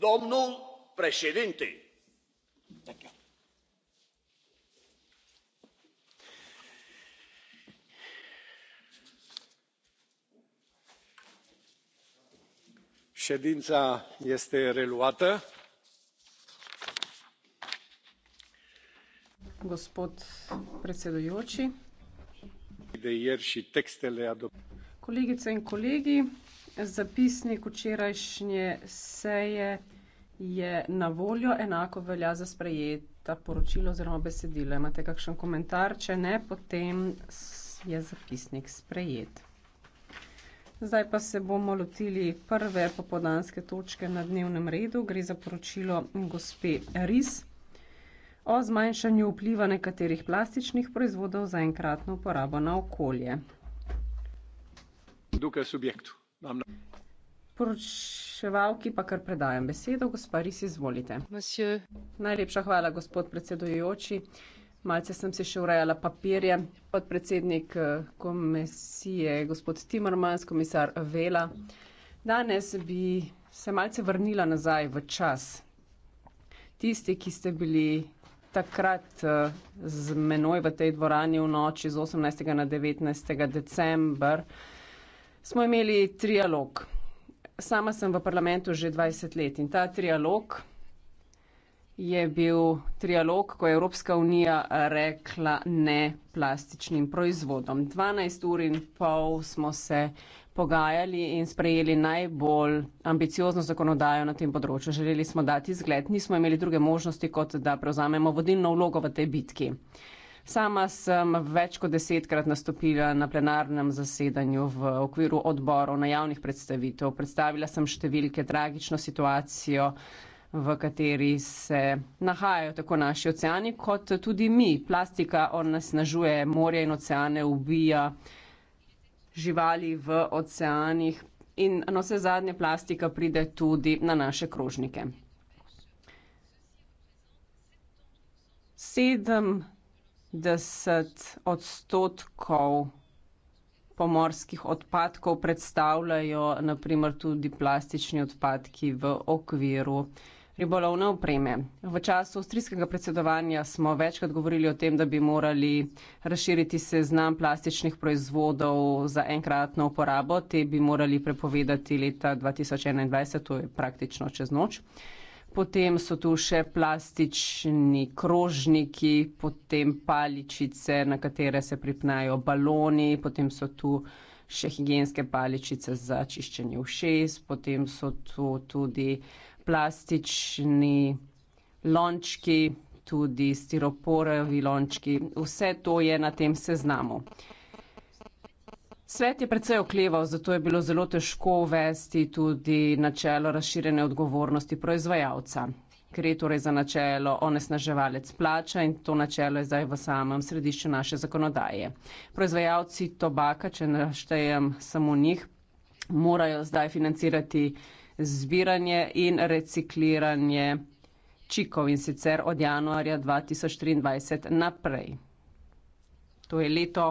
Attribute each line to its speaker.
Speaker 1: domnul președinte ședința este reluată.
Speaker 2: gospod predsedujoči.
Speaker 1: de ieri și textele adoptate.
Speaker 2: kolegice in kolegi Zapisnik včerajšnje seje je na voljo, enako velja za sprejeta poročila oziroma besedila. Imate kakšen komentar? Če ne, potem je zapisnik sprejet. Zdaj pa se bomo lotili prve popodanske točke na dnevnem redu. Gre za poročilo gospe Ris o zmanjšanju vpliva nekaterih plastičnih proizvodov za enkratno uporabo na okolje.
Speaker 1: Dokaj subjektu.
Speaker 2: Poročevalki pa kar predajam besedo, gospa Ris, izvolite. Monsieur. Najlepša hvala, gospod predsedujoči. Malce sem si še urejala papirje. Podpredsednik eh, komisije, gospod Timmermans, komisar Vela. Danes bi se malce vrnila nazaj v čas. Tisti, ki ste bili takrat eh, z menoj v tej dvorani v noči z 18. na 19. december smo imeli trialog. Sama sem v parlamentu že 20 let in ta trialog je bil trialog, ko je Evropska unija rekla ne plastičnim proizvodom. 12 ur in pol smo se pogajali in sprejeli najbolj ambiciozno zakonodajo na tem področju. Želeli smo dati zgled, nismo imeli druge možnosti, kot da prevzamemo vodilno vlogo v tej bitki. Sama sem več kot desetkrat nastopila na plenarnem zasedanju v okviru odborov na javnih predstavitev. Predstavila sem številke, tragično situacijo, v kateri se nahajajo tako naši oceani kot tudi mi. Plastika onesnažuje morje in oceane, ubija živali v oceanih in na vse zadnje plastika pride tudi na naše krožnike. Sedem 80 odstotkov pomorskih odpadkov predstavljajo naprimer tudi plastični odpadki v okviru ribolovne opreme. V času avstrijskega predsedovanja smo večkrat govorili o tem, da bi morali razširiti seznam plastičnih proizvodov za enkratno uporabo. Te bi morali prepovedati leta 2021, to je praktično čez noč potem so tu še plastični krožniki, potem paličice, na katere se pripnajo baloni, potem so tu še higijenske paličice za čiščenje ušes, potem so tu tudi plastični lončki, tudi stiroporevi lončki. Vse to je na tem seznamu. Svet je precej okleval, zato je bilo zelo težko uvesti tudi načelo razširjene odgovornosti proizvajalca. Gre torej za načelo onesnaževalec plača in to načelo je zdaj v samem središču naše zakonodaje. Proizvajalci tobaka, če naštejem samo njih, morajo zdaj financirati zbiranje in recikliranje čikov in sicer od januarja 2023 naprej. To je leto